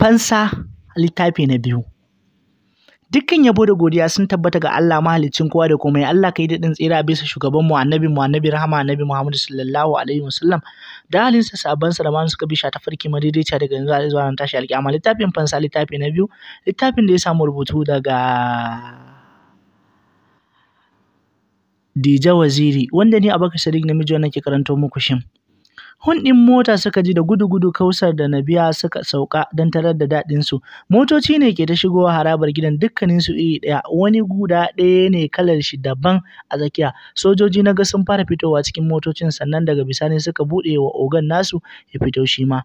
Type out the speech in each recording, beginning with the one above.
Fansa littafi na biyu. Dukkan yabo da godiya sun tabbata ga Allah mahaliccin kowa da komai Allah kai daɗin tsira bisa shugaban mu annabi mu annabi rahama annabi Muhammadu sallallahu alaihi wasallam da halinsa saban sa da man suka bisha ta farki madaidaiciya daga yanzu zuwa ran tashi alƙiyama littafin fansa littafi na biyu littafin da ya samu rubutu daga Dija Waziri wanda ni Abubakar Sadiq namiji wannan ke karanto muku shin Hundin mota suka ji da gudu-gudu Kausar da na biya suka sauka don tarar da daɗinsu. Motoci ne ke ta shigowa harabar gidan dukkaninsu iri ɗaya, wani guda ɗaya ne kalar shi daban a tsakiya. Sojoji na ga sun fara fitowa cikin motocin sannan daga bisani suka buɗe wa ogan nasu ya fito shi ma.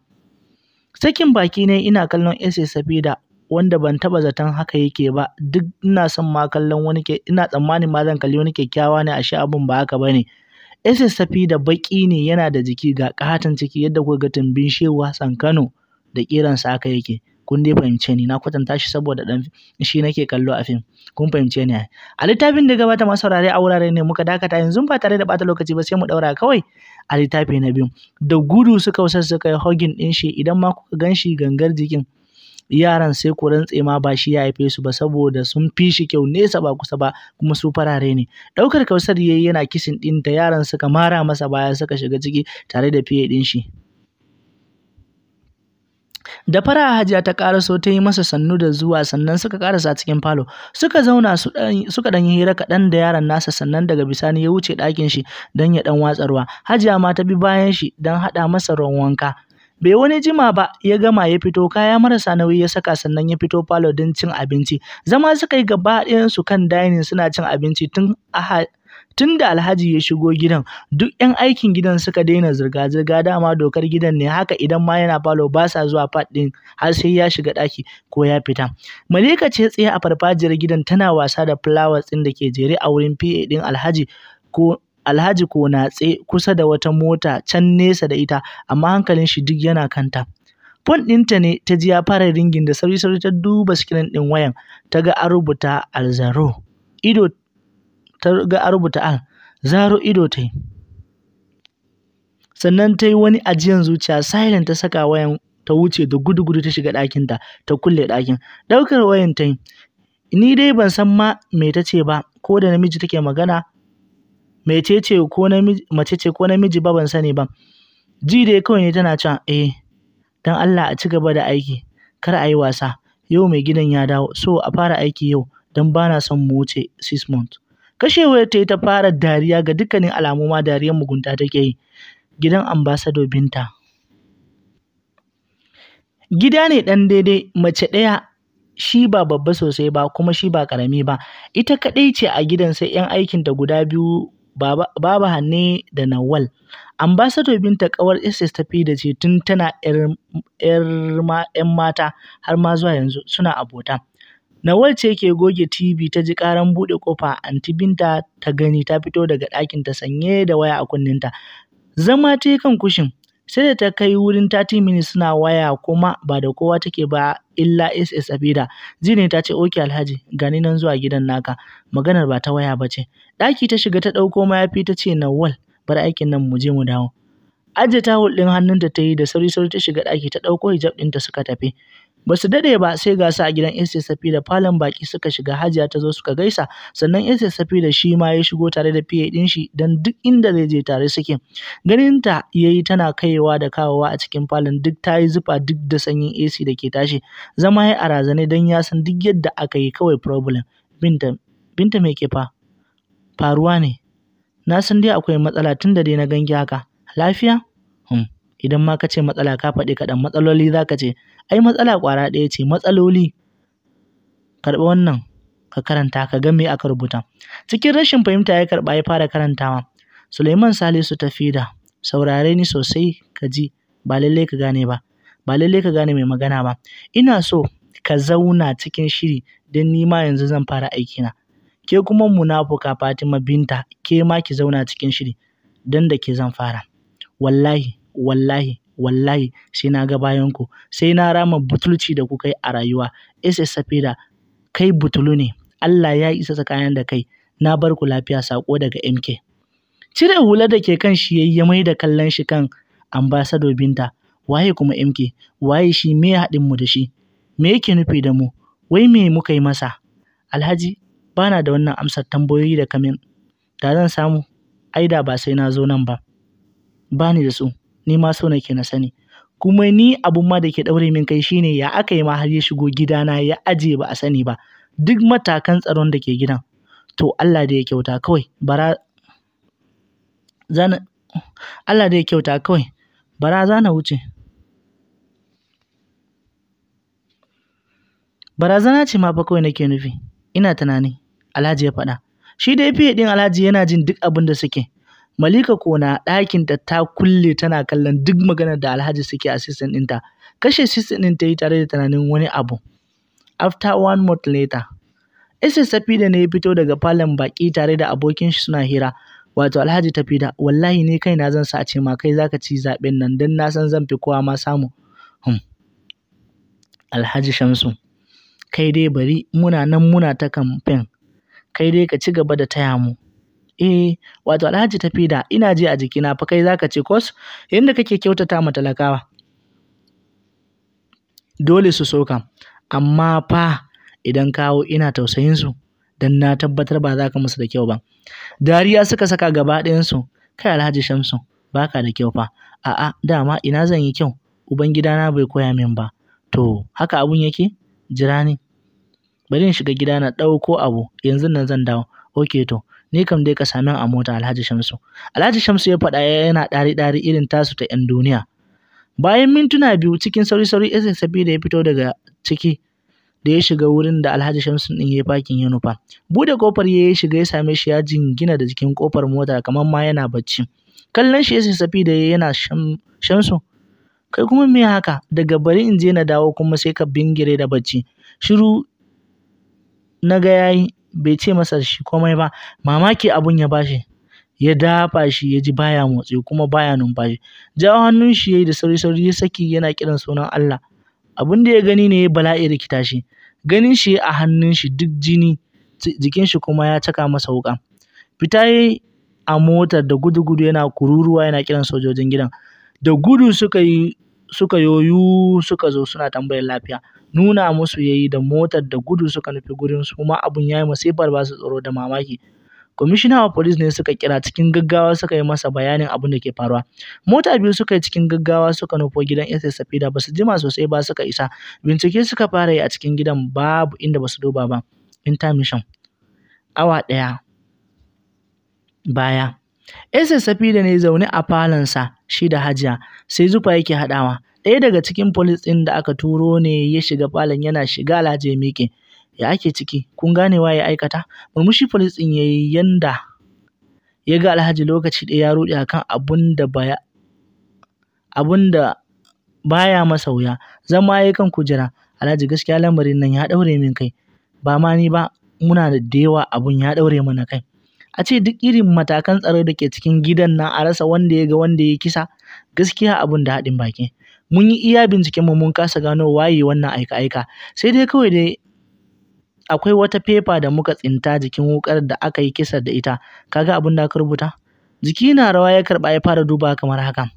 Sakin baki ne ina kallon SS Sabida wanda ban taba zaton haka yake ba duk ina son ma kallon wani ina tsammanin ma zan kalli wani kyakkyawa ne shi abun ba haka bane. SSFP da baƙi ne yana da jiki ga ƙaton ciki yadda kuka ga tumbin shewa Kano da sa aka yake. Kun dai fahimce ni na kwatanta shi saboda ɗan shi nake kallo a fim. Kun fahimce ni a littafin da gabata masu saurare a wurare ne muka dakata yanzu ba tare da bata lokaci ba sai mu daura kawai a littafi na biyu. Da gudu suka wasa suka yi hogin ɗin shi idan ma kuka gan shi gangar jikin. yaran sai ku rantse ma ba shi ya haife su ba saboda sun fi shi kyau nesa ba kusa ba kuma su farare ne ɗaukar kausar yayi yana ɗin, ta yaran suka mara masa baya suka shiga ciki tare da fiye din shi da fara hajiya ta karaso ta yi masa sannu da zuwa sannan suka karasa cikin falo suka zauna suka dan yi hira kaɗan da yaran nasa sannan daga bisani ya wuce ɗakin shi don ya dan watsa ruwa hajiya ma ta bi bayan shi don haɗa masa ruwan wanka Bai wani jima ba ya gama ya fito kaya marasa nauyi ya saka sannan ya fito falo don cin abinci. Zama suka yi gaba su kan dining suna cin abinci tun aha tun da Alhaji ya shigo gidan duk 'yan aikin gidan suka daina zirga-zirga dama dokar gidan ne haka idan ma yana falo ba sa zuwa fat ɗin har sai ya shiga ɗaki ko ya fita. Malika ce tsaye a farfajiyar gidan tana wasa da flowers ɗin da ke jere a wurin PA din Alhaji ko Alhaji Konatse, kusa da wata mota can nesa da ita amma hankalin shi duk yana kanta. Fon ɗinta ne ta ji ya fara ringin da sauri sauri ta duba sikirin ɗin wayan ta ga a rubuta Alzaro. Ido ta ga a rubuta Al. Zaro ido ta yi. Sannan ta yi wani ajiyan zuciya silent ta saka wayan ta wuce da gudu ta shiga ɗakinta ta kulle ɗakin. Ɗaukar wayan ta yi. Ni dai ban san ma me ta ce ba ko da namiji take magana ko namiji mace ce ko namiji ba ban sani ba. Ji dai kawai ne tana cewa eh don Allah a ci gaba da aiki kar a yi wasa. Yau mai gidan ya dawo so a fara aiki yau don ba na son mu wuce six months. Kashewar ta yi ta fara dariya ga dukkanin alamu ma dariyar mugunta take yi. Gidan Ambasado Binta. Gida ne dan daidai mace ɗaya shi ba babba sosai ba kuma shi ba karami ba. Ita kaɗai ce a gidan sai ‘yan aikinta guda biyu Baba Hanne da Nawal. Ambassador Binta ƙawar Isis ta da ce tun tana 'yan mata har ma zuwa yanzu suna abota. Nawal ce ke goge TV ta ji ƙaran buɗe ƙofa anti Binta ta gani ta fito daga ɗakinta sanye da waya a kunnenta. Zama ta yi kan kushin. sai da ta kai wurin 30 minutes suna waya kuma ba da kowa take ba illa SS Abida. Zine ta ce oke Alhaji gani nan zuwa gidan naka maganar ba ta waya ba ce. Ɗaki ta shiga ta ɗauko mayafi ta ce Nawal bar aikin nan mu je mu dawo. Ajiye tawul ɗin hannunta ta yi da sauri sauri ta shiga ɗaki ta ɗauko hijab ɗinta suka tafi. ba su daɗe ba sai ga su a gidan Safi da falon baki suka shiga hajiya ta zo suka gaisa sannan Safi da shi ma ya shigo tare da PA din shi dan duk inda zai je tare suke ganin ta yayi tana kaiwa da kawowa a cikin falon duk ta yi zufa duk da sanyin AC da ke tashi zama ya a dan don ya san duk yadda aka yi kawai problem binta binta me ke fa faruwa ne na san dai akwai matsala tun da dai na gangi haka lafiya idan ma ka ce matsala ka faɗi kaɗan matsaloli za ka ce ai matsala ƙwara ɗaya ce matsaloli karɓi wannan ka karanta ka ga me aka rubuta cikin rashin fahimta ya karɓa ya fara karantawa Suleiman Salisu Tafida saurare ni sosai ka ji ba lallai ka gane ba ba lallai ka gane mai magana ba ina so ka zauna cikin shiri don ni ma yanzu zan fara aikina ke kuma munafuka Fatima binta ke ma ki zauna cikin shiri don da ke zan fara wallahi wallahi wallahi sai na ga bayan ku sai na rama butulci da kuka yi a rayuwa isa safira kai butulu ne Allah ya isa tsakanin da kai na bar ku lafiya sako daga MK cire hular da ke kan shi yayi mai da kallon shi kan ambassador binta waye kuma MK waye shi me haɗin mu da shi me yake nufi da mu wai me muka yi masa Alhaji bana da wannan amsar tambayoyi da kamin da zan samu Aida ba sai na zo nan ba bani da su ni ma so nake na sani. Kuma ni abun ma da ke daure min kai shine ya aka yi ma har ya shigo gidana ya ajiye ba a sani ba. Duk matakan tsaron da ke gidan. To Allah da ya kyauta kawai bara zana Allah da ya kyauta kawai bara za na wuce. Barazana ce ma fa kawai nake nufi, ina tunani, Alhaji ya faɗa. Shi dai fiye ɗin Alhaji yana jin duk abin da suke, Malika ko na ɗakinta ta kulle tana kallon duk maganar da Alhaji suke a ɗinta. Kashe system ɗin ta yi tare da tunanin wani abu. After one month later, fi da ne ya fito daga falon baƙi tare da abokin shi suna hira. Wato Alhaji Tafida, wallahi ni kaina zan sa a ce ma kai zaka ci zaɓen nan don na san zan fi kowa ma samu. Hmm. Alhaji Shamsu, kai dai bari muna nan muna ta kamfen, kai dai ka ci gaba da taya mu. Eh, wato Alhaji da. ina ji a jikina fa kai zaka ce kos yanda kake kyautata ma talakawa. Dole su so amma fa idan kawo ina tausayin su dan na tabbatar ba za ka musu da kyau ba. Dariya suka saka gaba ɗayansu, kai Alhaji Shamsu baka da kyau fa. A'a, dama ina zan yi kyau, Ubangidana bai koya min ba. To, haka abun yake? Jira ni. Bari in shiga gidana na ɗauko abu, yanzu nan zan dawo. Ok to, Ni kam dai ka same a mota Alhaji Shamsu. Alhaji Shamsu ya faɗa yana ɗari-ɗari irin tasu ta ‘yan duniya. Bayan mintuna biyu cikin sauri-sauri Essex da ya fito daga ciki da ya shiga wurin da Alhaji Shamsu din ya fakin ya nufa. Buɗe ƙofar ya shiga ya same shi ya jingina da jikin kofar mota, kamar ma yana bacci. Kallon shi da ya yana Shamsu. Kai kuma me haka daga bari in je na dawo kuma sai ka bingire da bacci. Shiru na ga yayi bai ce masa shi komai ba. Mamaki abun ya bashi. Ya dafa shi ya ji baya motsi kuma baya numfashi. Jawo hannun shi ya da sauri-sauri ya saki yana kiran sunan Allah. Abun da ya gani ne ya bala'i rikita shi. Ganin shi a hannun shi duk jini, jikin shi kuma ya caka masa wuka Fita yi a motar da gudu-gudu yana kururuwa yana kiran sojojin gidan. Da gudu suka yi, suka yoyu suka zo suna tambayar lafiya. nuna musu yayi da motar da gudu suka nufi gurin su ma abun yayi masifar ba su tsoro da mamaki. commissioner of Police ne suka kira cikin gaggawa suka yi masa bayanin abin da ke faruwa. Mota biyu suka yi cikin gaggawa suka nufo gidan SS Safida ba su jima sosai ba suka isa. Bincike suka fara yi a cikin gidan babu inda ba su duba ba. Intermission. Awa daya Baya. SS Safida ne zaune a falonsa shi da Hajiya sai zufa yake haɗawa. Ɗaya daga cikin polis ɗin da aka turo ne ya shiga falon yana shiga Alhaji ya miƙe. Ya ake ciki, kun gane wa ya aikata? Murmushi polis ɗin ya yi yanda ya ga Alhaji lokaci ɗaya ya ruɗe akan abun da baya abun masa wuya. Zama ya kan kujera. Alhaji gaskiya lamarin nan ya ɗaure min kai. Ba ma ni ba, muna da yawa abun ya ɗaure mana kai. A ce duk irin matakan tsaro da ke cikin gidan nan a rasa wanda ya ga wanda ya kisa, gaskiya abun da haɗin baki. mun yi iya binciken mu mun kasa gano waye wannan aika-aika sai dai kawai dai akwai wata fefa da muka tsinta jikin wukar da aka yi kisa da ita kaga abin da aka rubuta jiki na rawa ya karba ya fara duba kamar haka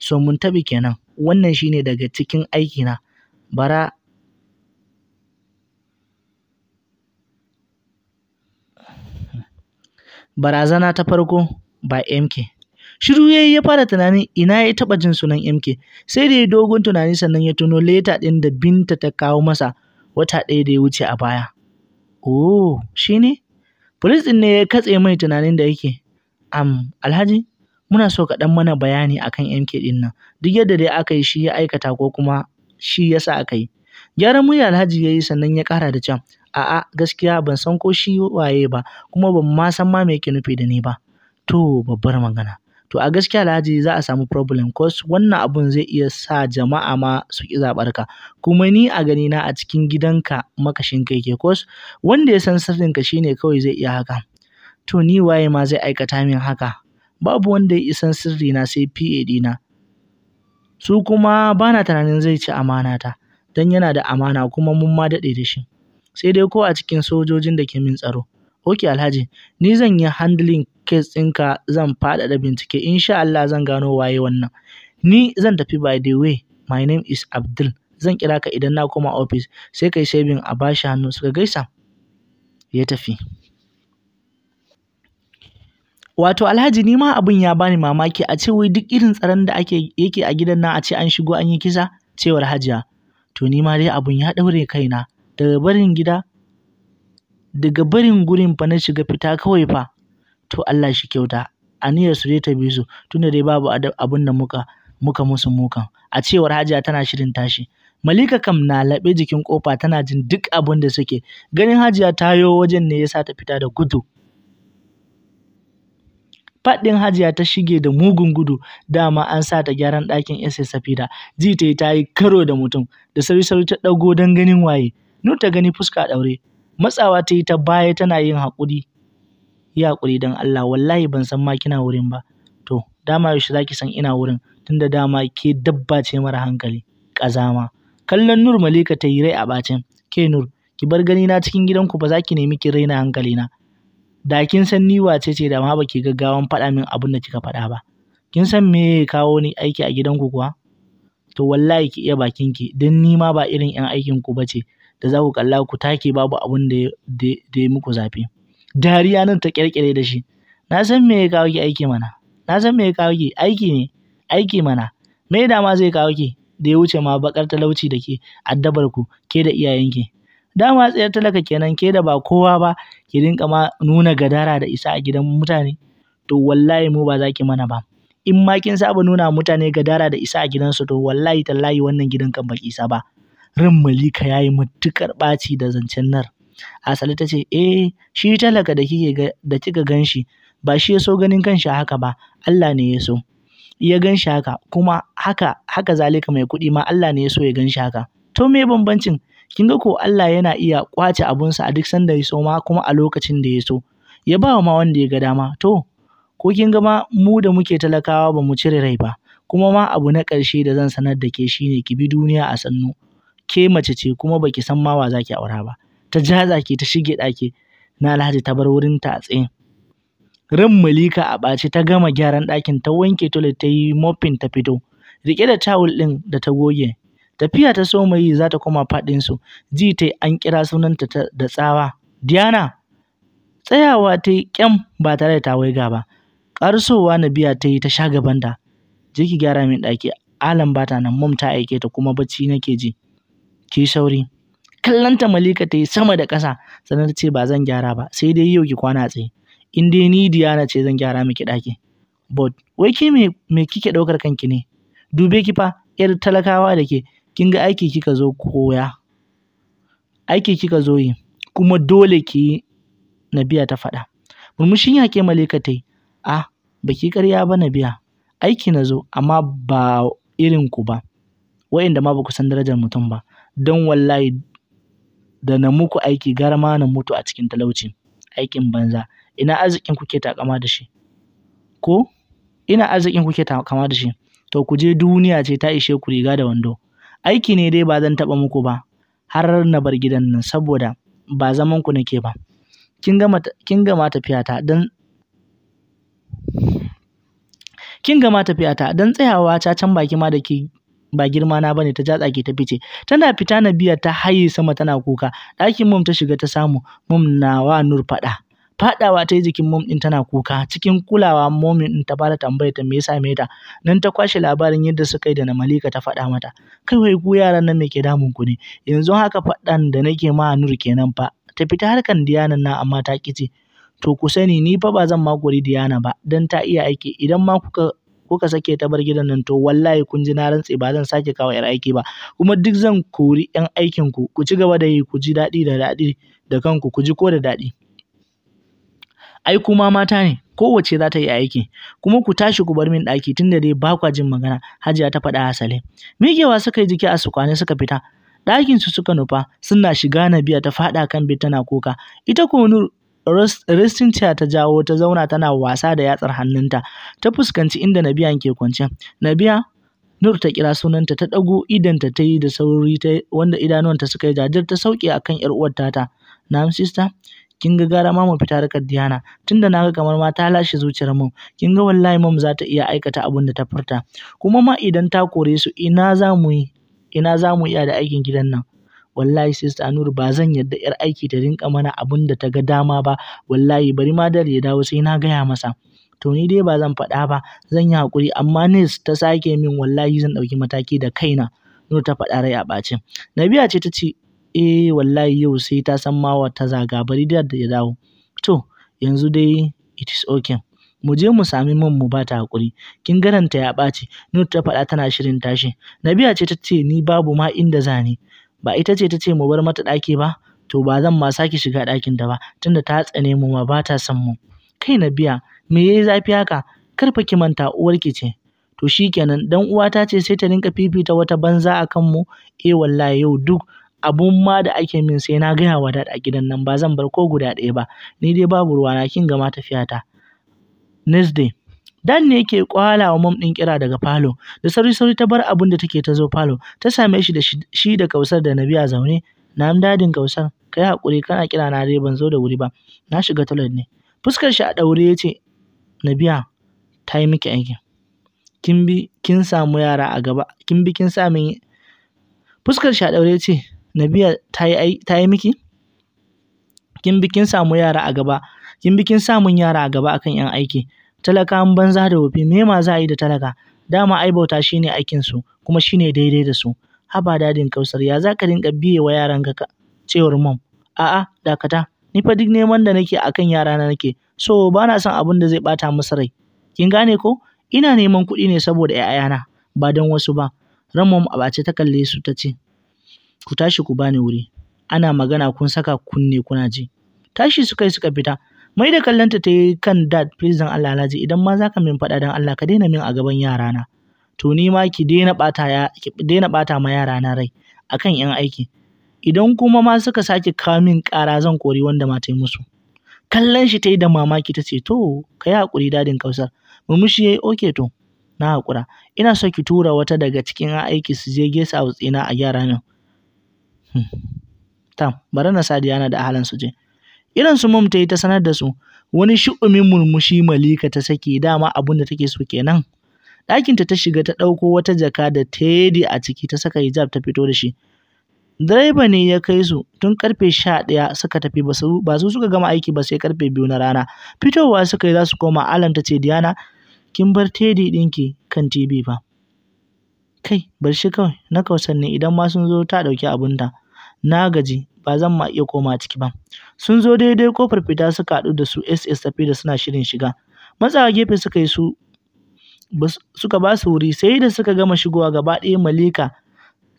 so mun tabi kenan wannan shine daga cikin aikina bara barazana ta farko by MK Shiru yayi ya fara tunanin ina ya taba jin sunan MK. Sai da ya dogon tunani sannan ya tuno leta ɗin da Binta ta kawo masa wata ɗaya da ya wuce a baya. Oh, shi ne? Polis ɗin ne ya katse mai tunanin da yake. Am, Alhaji, muna so ka dan mana bayani akan MK din nan. Duk yadda dai aka yi shi ya aikata ko kuma shi ya sa aka yi. Gyaran murya Alhaji ya yi sannan ya kara da can. a'a gaskiya ban san ko shi waye ba kuma ban ma san ma me yake nufi da ni ba to babbar magana to a gaskiya Alhaji za a samu problem cause wannan abun zai iya sa jama'a ma su ki zabar ka kuma ni a gani na a cikin gidanka makashin kai ke wanda ya san sirrin ka shine kawai zai iya haka to ni waye ma zai aikata min haka babu wanda ya sirri na sai PAD na. su kuma bana tunanin zai ci amana ta dan yana da amana kuma mun ma daɗe da shi sai dai ko a cikin sojojin da ke min tsaro Ok Alhaji, ni zan yi handling case ɗinka zan faɗaɗa bincike insha Allah zan gano waye wannan. Ni zan tafi by the way, my name is Abdul. Zan kira ka idan na koma office sai kai saving a bashi hannu suka gaisa. Ya tafi. Wato Alhaji ni ma abin ya bani mamaki a ce wai duk irin tsaron da ake yake a gidan nan a ce an shigo an yi kisa cewar Hajiya. To ni ma dai abun ya ɗaure kaina daga barin gida daga barin gurin fa na shiga fita kawai fa to Allah shi kyauta aniyar su dai ta bi su tunda dai babu abin da muka muka musu muka. a cewar Hajiya tana shirin tashi Malika kam na laɓe jikin kofa tana jin duk abin da suke ganin Hajiya ta yo wajen ne yasa ta fita da gudu faɗin hajiya ta shige da mugun gudu dama an sa ta gyaran ɗakin SS Safira ji ta yi karo da mutum da sauri sauri ta ɗago don ganin waye nuta ta gani fuska ɗaure matsawa ta yi ta baya tana yin haƙuri yi haƙuri don Allah wallahi ban san ma kina wurin ba to dama yaushe za ki san ina wurin tunda dama ke dabba ce mara hankali ƙazama kallon Nur Malika ta yi rai a bacin ke Nur ki bar gani na cikin gidanku ba za ki nemi ki raina hankali na da kin san ni wace ce da ma ba ki gaggawan faɗa min abin da kika faɗa ba kin san me ya kawo ni aiki a gidanku kuwa to wallahi ki iya bakin ki don ni ma ba irin 'yan aikin ku ce. da za ku kalla ku take babu abin da ya muku zafi. Dariya nan ta ƙirƙire da shi. Na san me ya kawo ki aiki mana. Na san me ya kawo ki aiki ne. Aiki mana. Me da ma zai kawo ki da ya wuce ma bakar talauci da ke addabar ku ke da iyayenki. Dama tsayar talaka kenan ke da ba kowa ba ki rinka ma nuna gadara da isa a gidan mutane. To wallahi mu ba za ki mana ba. In ma kin saba nuna mutane gadara da isa a gidansu to wallahi tallahi wannan gidan kan baki isa ba. Rin Malika ya yi matuƙar ɓaci da zancen nar. Asali ta ce, eh, shi talaka da kika gan shi, ba shi ya so ganin kanshi haka ba, Allah ne ya so. Ya gan shi haka, kuma haka, haka zalika mai kuɗi ma Allah ne ya so ya ganshi haka. To me bambancin? Kin ga ko Allah yana iya ƙwace abunsa a duk sanda ya so ma kuma a lokacin da ya so. Ya ba ma wanda ya ga dama. To, ko kin ga ma mu da muke talakawa ba mu cire rai ba. Kuma ma abu na ƙarshe da zan sanar da ke shine ki bi duniya a sannu. ke mace ce kuma baki san ma wa zaki aura ba ta ja zaki ta shige ɗaki na alhaji ta bar wurin ta a tsayin ran malika a ɓace ta gama gyaran dakin ta wanke toilet ta yi mopping ta fito Rike da tawul ɗin da ta goge tafiya ta so mai za ta koma su ji ta an kira sunanta da tsawa diana tsayawa ta yi kyam ba tare da ta waiga ba ƙarsowa na biya ta yi ta sha gabanta je ki gyara min ɗaki alam bata nan mum ta aike ta kuma bacci nake ji ki yi sauri kallanta malika ta yi sama da ƙasa sannan ce ba zan gyara ba sai dai yau ki kwana tsaye in dai ni diyana ce zan gyara miki ɗaki but wai ki me kike ɗaukar kanki ne dube ki fa yar talakawa da ke kin ga aiki kika zo koya aiki kika zo yi kuma dole ki yi biya ta faɗa murmushin yaƙe malika ta yi a ah, baki karya ba na biya. aiki na zo amma ba irin ku ba wa'inda ma ba ku san darajar mutum ba don wallahi da na muku aiki gara ma na mutu a cikin talauci aikin banza ina arzikin kuke takama da shi ko ina arzikin kuke takama da shi to ku je duniya ce ta ishe ku riga da wando aiki ne dai ba zan taɓa muku ba har na bar gidan nan saboda ba zaman ku nake ba kin gama kin gama tafiya tafiyata dan kin gama tafiya ta dan tsayawa ta can baki ma da ke ba girma na bane ta ja jatsake ta fice tana fita na biya ta haye sama tana kuka ɗakin mum ta shiga ta samu mum na wa Nur faɗa faɗawa ta yi jikin mum din tana kuka cikin kulawa mum din ta bada tambayar ta me yasa me ta nan ta kwashe labarin yadda suka yi da na malika ta faɗa mata kai wai ku yaran nan me ke damun ku ne yanzu haka faɗan da nake ma nur kenan fa ta fita harkan diyanan na amma ta kice to ku sani ni fa ba zan ma diyana ba dan ta iya aiki idan ma kuka Ko ka sake ta bar gidan nan to wallahi kun ji na rantse ba zan sake kawo yar aiki ba kuma duk zan kori yan aikin ku ku ci gaba da yi ku ji daɗi da daɗi da kanku ku ji ko da daɗi ai kuma mata ne kowace za ta yi aiki kuma ku tashi ku bar min ɗaki tunda dai ba kwa jin magana hajiya ta faɗa a miƙewa suka yi jiki a sukwane suka fita Ɗakinsu su suka nufa suna shiga na biya ta faɗa kan bi tana kuka ita ko nur Restin ta ta jawo ta zauna tana wasa da yatsar hannunta. Ta fuskanci inda Nabiya ke kwance. Nabiya Nur ta kira sunanta ta ɗago idanta ta yi da sauri ta wanda idanuwanta suka yi jajir ta sauke akan ‘yar uwar tata. Na'am sister, kin ga gara ma fita da Diana tunda na ga kamar ma ta lashe zuciyar mu. Kin ga wallahi mom za ta iya aikata abin da ta furta. Kuma ma idan ta kore su ina za mu yi? Ina za mu iya da aikin gidan nan? wallahi sister Nur ba zan yarda yar aiki ta rinka mana abin da ta ga dama ba wallahi bari ma dare ya dawo sai na gaya masa to ni dai ba zan faɗa ba zan yi hakuri amma nes ta sake min wallahi zan ɗauki mataki da kaina Nur ta faɗa rai a ɓacin Nabiya ce ta ce eh wallahi yau sai ta san ma ta zaga bari da ya dawo to yanzu dai it is okay mu je mu sami man mu ta hakuri kin garanta ya ɓaci Nur ta faɗa tana shirin tashi Nabiya ce ta ce ni babu ma inda zani ba ita ce ta ce mu bar mata ɗaki ba to ba zan ma sake shiga ɗakin ta ba tunda ta tsane mu ma ba ta son mu kai na biya me yayi zafi haka kar fa ki manta uwarki ce to shikenan dan uwa ta ce sai ta rinka fifita wata banza kan mu eh wallahi yau duk abun ma da ake min sai na gaya wa dad gidan nan ba zan bar ko guda ɗaya ba ni dai babu ruwa na kin ga ma tafiyata next day Dan ne yake kwala wa mom din kira daga falo. Da sauri-sauri ta bar abun da take ta zo falo. Ta same shi da shi da Kausar da Nabiya zaune. Na'am dadin Kausar, kai hakuri kana kira na dai ban zo da wuri ba. Na shiga toilet ne. Fuskar shi a ɗaure ya ce, Nabiya, ta yi miki aikin. Kin bi kin samu yara a gaba, kin bi kin sa Fuskar shi a daure yace Nabiya ta yi ta yi miki? Kin bi kin samu yara a gaba, kin bi kin sa yara a gaba akan 'yan aiki. talakawan banza da wofi me ma za a yi da talaka dama ai bauta shine aikin su kuma shine daidai da su haba dadin kausar ya zaka dinga biye wa yaranka cewar mom a'a dakata ni fa duk neman da nake akan yara na nake so ba na son abin da zai bata musu rai kin gane ko ina neman kuɗi ne saboda ƴaƴana ba don wasu ba Ran mom a bace ta kalle su ta ce ku tashi ku bani wuri ana magana kun saka kunne kuna ji tashi suka yi suka fita mai da kallonta ta yi kan dad prison Allah alhaji idan ma ka min faɗa dan Allah ka daina min a gaban yarana to ni ma ki daina ɓata ya ki daina ɓata ma yarana rai akan yan aiki idan kuma ma suka sake kawo min ƙara zan kori wanda ma ta yi musu kallon shi ta yi da mamaki ta ce to ka yi haƙuri dadin kausar mumushi ya yi oke to na haƙura ina so ki tura wata daga cikin aiki su je gesa a wutsina a gyara min. Hmm. tam bari na sadiya na da ahalan su je Irin su mum ta yi ta sanar da su, wani shi'umin murmushi Malika ta sake dama abin da take so kenan. Ɗakinta ta shiga ta ɗauko wata jaka da tedi a ciki ta saka hijab ta fito da shi. Direba ne ya kai su tun karfe sha ɗaya suka tafi ba su suka gama aiki ba sai karfe biyu na rana. Fitowa suka yi za su koma Alam ta ce Diana kin bar tedi ɗinki kan TV ba. Kai bar shi kawai na kausar ne idan ma sun zo ta ɗauki abinta. na gaji ba zan ma iya koma ciki ba. Sun zo daidai kofar fita suka haɗu da su SS tafi da suna shirin shiga. Matsawa gefe suka yi su suka ba su wuri sai da suka gama shigowa gaba ɗaya Malika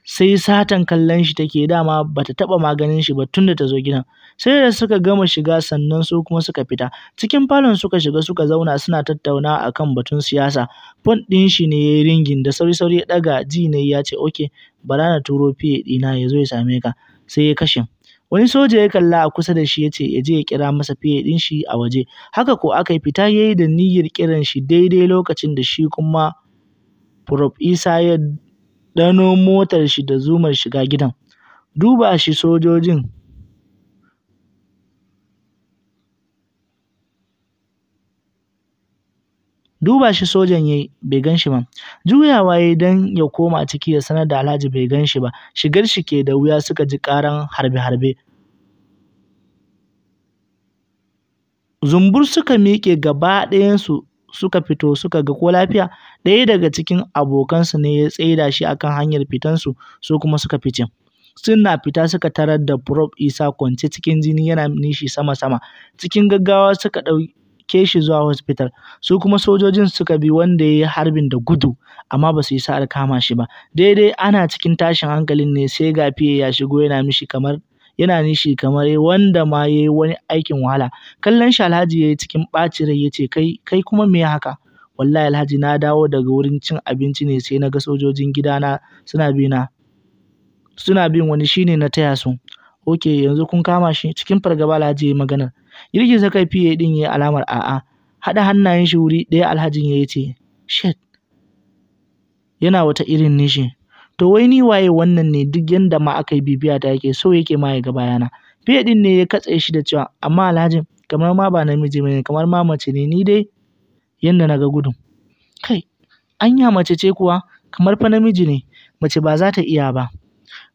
sai satan kallon shi take dama ba ta taɓa maganin shi ba tunda da ta zo gidan. Sai da suka gama shiga sannan su kuma suka fita. Cikin falon suka shiga suka zauna suna tattaunawa akan batun siyasa. Fon ɗin shi ne ya yi ringin da sauri-sauri ya ɗaga ji ne ya ce ok, bara na turo PA ɗina ya zo ya same ka. sai ya kashe. Wani soja ya kalla a kusa da shi ya ce ya je ya kira masa fiye ɗin shi a waje. Haka ko aka yi fita ya yi da niyyar kiran shi daidai lokacin da shi kuma Prof Isa ya dano motar shi da zumar shiga gidan. Duba shi sojojin Duba shi sojan yayi bai gan shi ba. Juyawa ya yi ya koma ciki ya sanar da Alhaji bai gan shi ba. Shigar shi ke da wuya suka ji ƙaran harbe-harbe. Zumbur suka miƙe gaba ɗayansu suka fito suka ga ko lafiya. Ɗaya daga cikin abokansu ne ya tsaida shi akan hanyar fitansu su kuma suka fice. Suna fita suka tarar da Prof Isa kwance cikin jini yana nishi sama-sama. Cikin gaggawa suka ɗau ɗauke shi zuwa hospital. Su kuma sojojin suka bi wanda ya yi harbin da gudu amma ba su yi sa'ar kama shi ba. Daidai ana cikin tashin hankalin ne sai ga fiye ya shigo yana mishi kamar yana nishi kamar wanda ma ya yi wani aikin wahala. Kallon shi Alhaji ya yi cikin ɓacin rai ya ce kai kai kuma me haka? Wallahi Alhaji na dawo daga wurin cin abinci ne sai na ga sojojin gidana suna bi suna bin wani shine na taya su. Ok yanzu kun kama shi cikin fargaba Alhaji ya yi maganar. girgiza kai fiye din yayi alamar a'a haɗa hannayen shi wuri ɗaya alhajin ya ce Shit! yana wata irin nishi to wai ni waye wannan ne duk yanda ma aka yi bibiya ta yake so yake ma ya ga bayana fiye din ne ya katse shi da cewa amma alhajin kamar ma ba namiji ne, kamar ma mace ne ni dai yanda na ga gudun kai anya mace ce kuwa kamar fa namiji ne mace ba za ta iya ba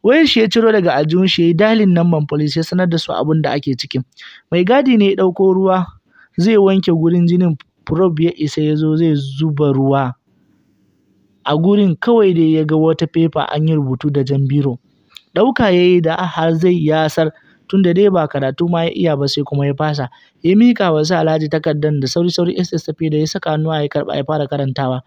wayar shi ya ciro daga aljihun shi yayi dalin namban police ya sanar da su abin da ake ciki mai gadi ne ya ɗauko ruwa zai wanke gurin jinin probe ya isa ya zo zai zuba ruwa a gurin kawai da ya ga wata paper an yi rubutu da jan biro ɗauka ya yi da har zai yasar da dai ba karatu ma ya iya ba sai kuma ya fasa ya mika wa su alhaji takardar da sauri sauri ssp da ya saka hannu ya karba ya fara karantawa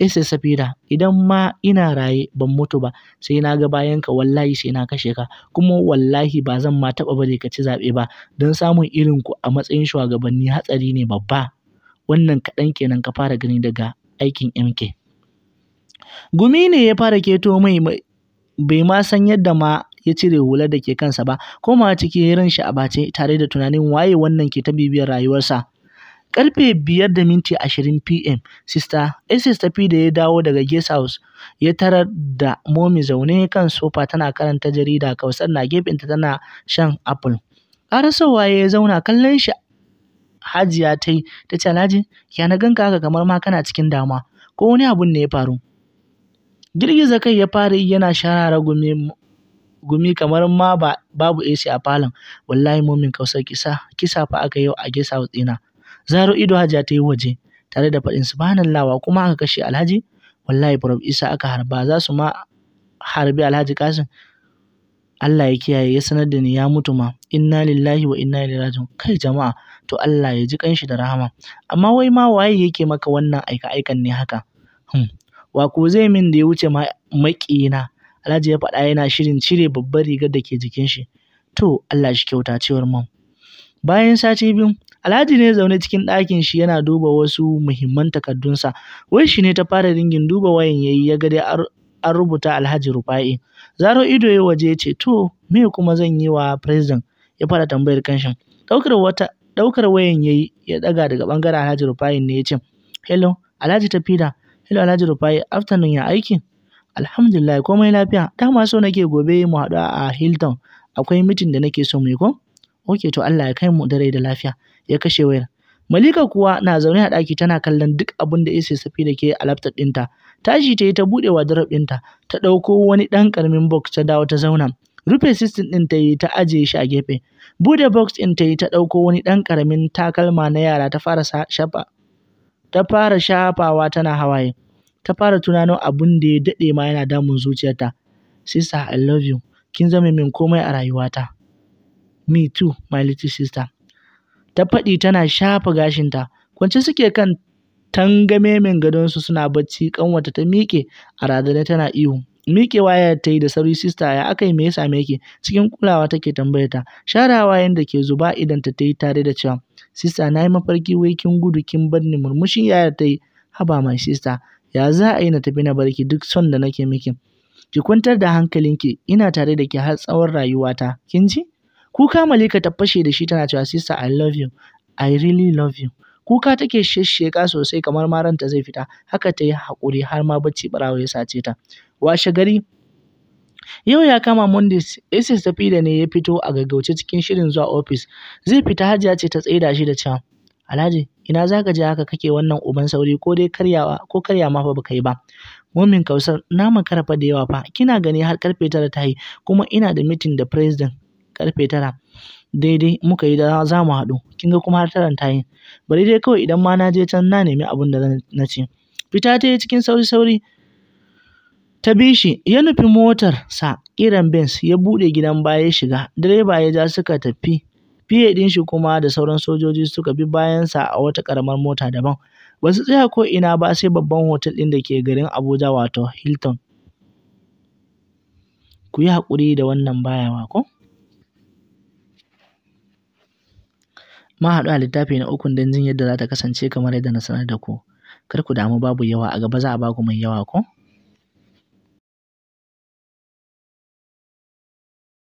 Isa Safira idan ma ina raye ban mutu ba sai na ga bayan ka wallahi sai na kashe ka kuma wallahi ba zan ma taɓa bari ka ci zaɓe ba don samun irin ku a matsayin shugabanni hatsari ne babba. Wannan kaɗan kenan ka fara gani daga aikin MK. Gumi ne ya fara keto mai bai ma san yadda ma ya cire hular da ke kansa ba, koma ciki ran shi a bace tare da tunanin waye wannan ke ta bibiyar rayuwarsa. Karfe da minti 5:20 PM, Sista ta fi da ya dawo daga Guest House ya tarar da momi zaune kan sofa tana karanta jarida, kausar na gefenta tana shan apple. Ƙarasowa ya ya zauna, kallon shi Hajiya ta yi, ta ce, Alhaji, ya na gan kamar ma kana cikin dama, ko wani abun ne ya faru? Girgiza kai ya fara yi yana sharara gumi gumi kamar ma babu AC a falon. Wallahi Momin kausar kisa, kisa fa aka yau a guest house ɗina. zaro ido hajiya ta yi waje tare da faɗin subhanallah wa kuma aka kashe alhaji wallahi prof isa aka harba za su ma harbi alhaji kasim Allah ya kiyaye ya sanar da ni ya mutu ma inna lillahi wa inna ilaihi raji'un kai jama'a to Allah ya ji kanshi da rahama amma wai ma waye yake maka wannan aika aikan ne haka hmm. wa ko zai min da ya wuce maƙina Alhaji ya faɗa yana shirin cire babbar rigar da ke jikin shi to Allah shi kyauta cewar mam bayan sati biyu Alhaji ne zaune cikin ɗakin shi yana duba wasu muhimman takardunsa. Wai shi ne ta fara ringin duba wayan yayi ya ga dai an rubuta Alhaji Rufa'i. Zaro ido ya waje ya ce to me kuma zan yi wa president ya fara tambayar kanshi. Ɗaukar wata ɗaukar wayan yayi ya ɗaga daga ɓangaren Alhaji Rufa'i ne ya ce hello Alhaji Tafida hello Alhaji Rufa'i afternoon ya aiki. Alhamdulillah komai lafiya dama so nake gobe mu haɗu a Hilton akwai mitin da nake so mu yi ko? Ok to Allah ya kai mu dare da lafiya. ya kashe wayar. Malika kuwa na zaune a ɗaki tana kallon duk abin da Isa da ke a laptop ɗinta. Tashi ta yi ta buɗe wardrobe ɗinta, ta ɗauko wani ɗan ƙaramin box ta dawo ta zauna. Rufe system ɗin ta yi ta ajiye shi a gefe. Buɗe box ɗin ta yi ta ɗauko wani ɗan ƙaramin takalma na yara ta fara shafa. Ta fara shafawa tana hawaye. Ta fara tunanin abin da ya daɗe ma yana damun zuciyarta. Sister, I love you. Kin zama min komai a rayuwata. Me too, my little sister. ta faɗi tana shafa gashinta. Kwance suke kan tangamemen gadonsu suna bacci kanwata, ta miƙe a radare tana ihu. miƙewa ya ta yi da sauri sista ya aka yi me ya same ki cikin kulawa take tambayar ta sharawa yanda ke zuba idan ta yi tare da cewa sista na yi mafarki wai kin gudu kin bar ni murmushin yaya ta yi haba mai sista ya za a yi na tafi na barki duk son da nake miki ki kwantar da hankalinki ina tare da ki har tsawon rayuwata kin ji Kuka Malika ta fashe da shi tana cewa sister I love you, I really love you. Kuka take shesheka sosai kamar ma ranta zai fita, haka ta yi haƙuri har ma bacci ɓarawo ya sace ta. Washe gari, Yau ya kama Mondays, Isis ta da ne ya fito a gaggauce cikin shirin zuwa ofis. Zai fita Hajiya ce ta tsaida shi da cewa, Alhaji, ina za ka je haka kake wannan uban sauri ko dai karyawa ko karya ma fa baka yi ba. Mumin Kausar, na makara fa da yawa fa, kina gani har karfe tara ta yi, kuma ina da mitin da president. karfe tara daidai muka yi da za mu haɗu kin ga kuma har taran ta yi bari dai kawai idan ma na je can na nemi abin da na ci fita ta yi cikin sauri sauri ta bi shi ya nufi motar sa kiran Benz ya buɗe gidan baya ya shiga direba ya ja suka tafi fiye ɗin shi kuma da sauran sojoji suka bi bayansa a wata karamar mota daban ba su tsaya ko ina ba sai babban hotel ɗin da ke garin Abuja wato Hilton ku yi haƙuri da wannan bayawa ko Ma haɗu a littafi na ukun don jin yadda za ta kasance kamar yadda na sanar da ku. Kar ku damu babu yawa, a gaba za a baku mai yawa ko?